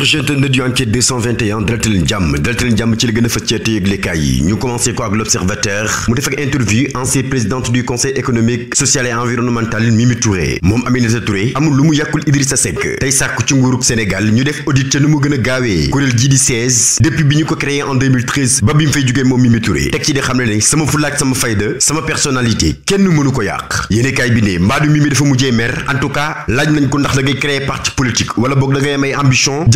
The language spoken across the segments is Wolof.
cher jeu de jàmm dalal leen jàmm ci la gën a fës ci yëglekaay yi ñu commencé ko ak l'observateur mu def interview ancienne présidente du conseil économique social et environnemental Mimi Touré moom Aminata Touré amul lu mu yàkkul Idrissa Seck tey sàkku ci nguurug Sénégal ñu def audit ca nu mu gën a gaawee kuréel jii di 16 depuis bi ñu ko créé en ba bi mu fay jógee moom Mimi Touré teg ci di xam ne ne sama fulaak sama fayda sama personnalité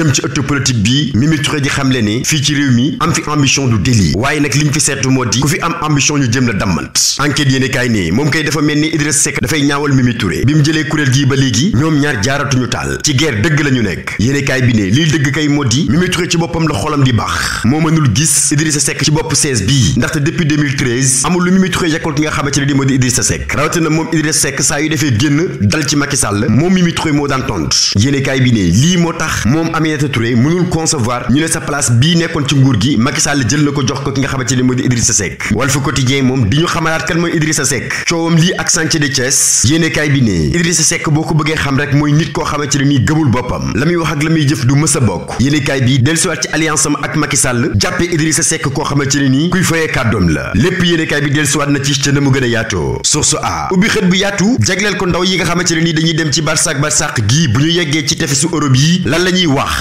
jëm ci ëtt politique bi Mimi xamle ni fii ci réew mi am fi ambition du délit waaye nag liñ fi seetlu moo ku fi am ambition ñu jëm la dammant enquête yéene kaay moom kay dafa mel ni Idriss Seck dafay ñaawal Mimi bi mu jëlee kuréel gii ba léegi ñoom ñaar jaaratuñu taal ci guerre dëgg la nekk yéene bi ne lii dëgg kay moo di ci boppam la xolam di baax moo mënul gis Idrissa Seck ci bopp 16 bii ndaxte depuis 2013 amul lu Mimi yekkul ki nga xamante ci Macky Aminata Touré mënul concevoir ñu ne sa place bii nekkoon ci nguur gi Macky Sall jël la ko jox ko ki nga xamante ne moo di Idrissa Seck Walf Quotidien moom di ñu xamalaat kan mooy Idrissa Seck coowam lii ak chantier de Thiès yéenekaay bi ne Idrissa Seck boo ko bëggee xam rek mooy nit koo xamante ne nii gëmul boppam la muy wax ak la muy jëf du mës a bokk yéenekaay bi dellusiwaat ci alliance ak Macky Sall jàppee Idrissa Seck koo xamante ci ne nii dañuy dem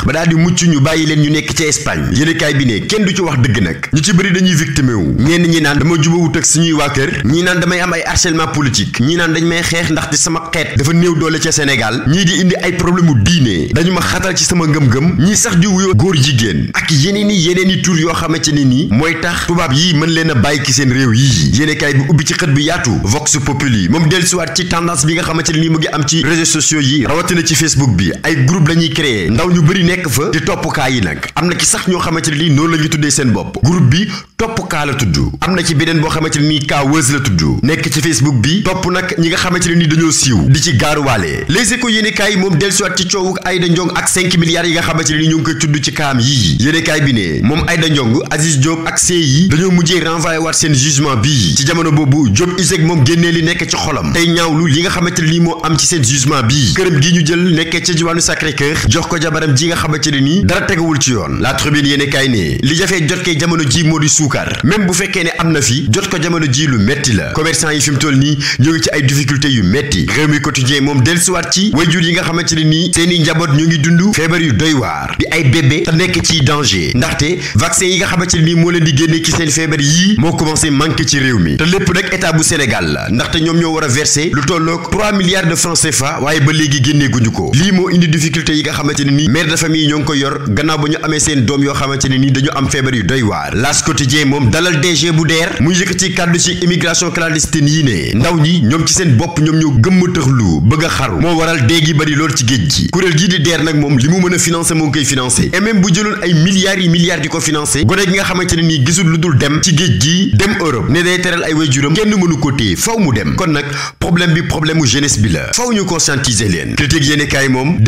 ba daal di mucc ñu bàyyi leen ñu nekk ci Espagne yéenekaay bi ne kenn du ci wax dëgg nag ñu ci bëri dañuy victime wu ñenn ñi naan dama jubawut ak suñuy waa kër ñii naan damay am ay harcèlement politique ñii naan dañ may xeex ndaxte sama xeet dafa néew doole ca Sénégal ñii di indi ay problème u diine dañu ma xatal ci sama ngëm-ngëm ñii sax di wuyoo góor jigéen ak yeneen yi yeneen i tur yoo xamante ne nii mooy tax tubaab yii mën leen a bàyyi ki seen réew yii yéenekaay bi ubbi ci xët bi yaatu vox populi moom dellusiwaat ci tendance bi nga xamante ne nii mu ngi am ci réseaux yi rawatina ci Facebook bi ay groupe lañuy créer ndaw ñu bëri nekk fa di toppkaa yi nag am na ci sax ñoo xamante ne nii noonu la ñu tuddee seen bopp groupe bi toppkaa am na ci beneen boo xamante ne nii kaa wës la tudd nekk ci facebook bi topp ñi nga xamante ne nii dañoo siiw di ci gaaruwaale les échos yéenekaay yi moom dellusiwaat ci coowu Aïda Ndiong ak 5 milliards yi nga xamante ne nii ñu ngi koy tudd ci kaam yii yéenekaay bi ne moom Aïda Ndiong Aziz Diop ak see yi dañoo mujjee renvoyé waat seen jugement bii ci jamono boobu Diop Iseg moom génnee li nekk ci xolam tey ñaawlu li nga xamante ni nii moo am ci seen jugement bii këram gi ñu jël nekkee ca diwaanu Sacré-Cœur jox ko jabaram ji nga xamante ne nii dara tegawul ci yoon la tribune yéene kaay ne li jafee jot kay jamono ji moo di suukar même bu fekkee ne am na fi jot ko jamono ji lu metti la commerçant yi fi mu toll nii ñu ngi ci ay difficultés yu metti réew mi quotidien moom dellusiwaat ci wayjur yi nga xamante ne nii seeni njaboot ñu ngi dund feebar yu doy waar di ay bébé te nekk ci danger ndaxte vaccin yi nga xamante ne nii moo leen di génne ci seen feebar yii moo commencé manqué ci réew mi te lépp nag bu Sénégal la ndaxte ñoom ñoo war a verser lu tolloog 3 milliards de francs ba léegi génneeguñu ko lii moo indi yi nga xamante ne famille ñoo ngi ko yor gannaaw ba ñu amee seen doom yoo xamante ne nii dañu am feebar yu doy waar L'As Quotidien moom dalal DG bu deer mu yëkkati kàddu ci immigration clandestine yi ne ndaw ñi ñoom ci seen bopp ñoom ñoo gëmm tëxlu bëgg a xaru moo waral dee gi bari lool ci géej gi kuréel gii di deer nag moom li mu mën a financer moo ngi koy financer et même bu jëloon ay milliards yi milliards di ko financer gone gi nga xamante ne nii gisul lu dul dem ci géej gi dem Europe ne day teral ay waajuram ko téye faw mu dem kon nag problème bi problème mu jeunesse bi la faw ñu conscientiser leen critique yéene kaay moom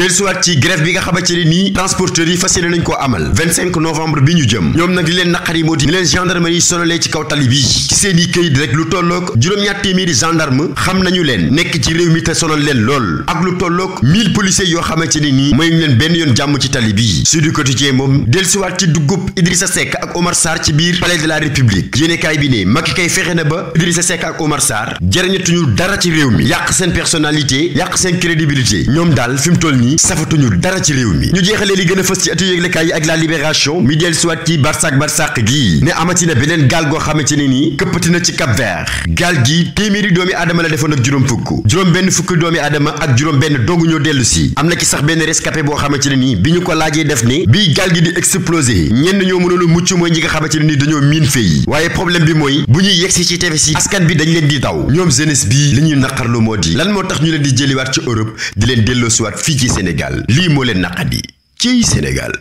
nii yi fas yéene nañ koo amal 25 novembre bi ñu jëm ñoom nag li leen naqari moo di ni leen gendarmerie sonalee ci kaw tali bii ci seen i këyit rek lu tolloog juróom-ñaar téeméeri gendarme xam nañu leen nekk ci réew mi te sonal leen lool ak lu tolloog 1000 policiers yoo xamante ne nii mayuñ leen benn yoon jàmm ci tali bii Sud Quotidien moom dellusiwaat ci duggub Idrissa Seck ak Omar Sarr ci biir palais de la République yéenekaay bi ne Macky kay fexe na ba Idrissa Seck ak Omar Sarr jëriñatuñu dara ci réew mi yàq seen personnalité yàq seen crédibilité ñoom daal fi mu toll nii safatuñu dara ci réew jeexalee li gën a fës ci atu yëglekaay yi ak la libération mi del suwat ci barsak barsak gii ne amatina beneen gaal goo xamante ne nii këppati ci Cap Vert gaal gi téeméeri doomi aadama la defoon ak juróom fukk juróom benn fukki doomi aadama ak juróom benn dongu ñoo dellu si am na ci sax benn rescapé boo xamante ne nii bi ñu ko laajee def ne bii gaal gi di explosé ñenn ñoo mënoon mucc mooy ñi nga xamante ne nii dañoo miin fay waaye problème bi mooy bu ñuy yegsi ci tefes yi askan bi dañ leen di daw ñoom jeunesse bi li ñuy naqarlu moo di lan moo tax ñu leen di jëliwaat ci Europe di leen delloosiwaat fii ci Sénégal lii moo leen naqadi ciy Sénégal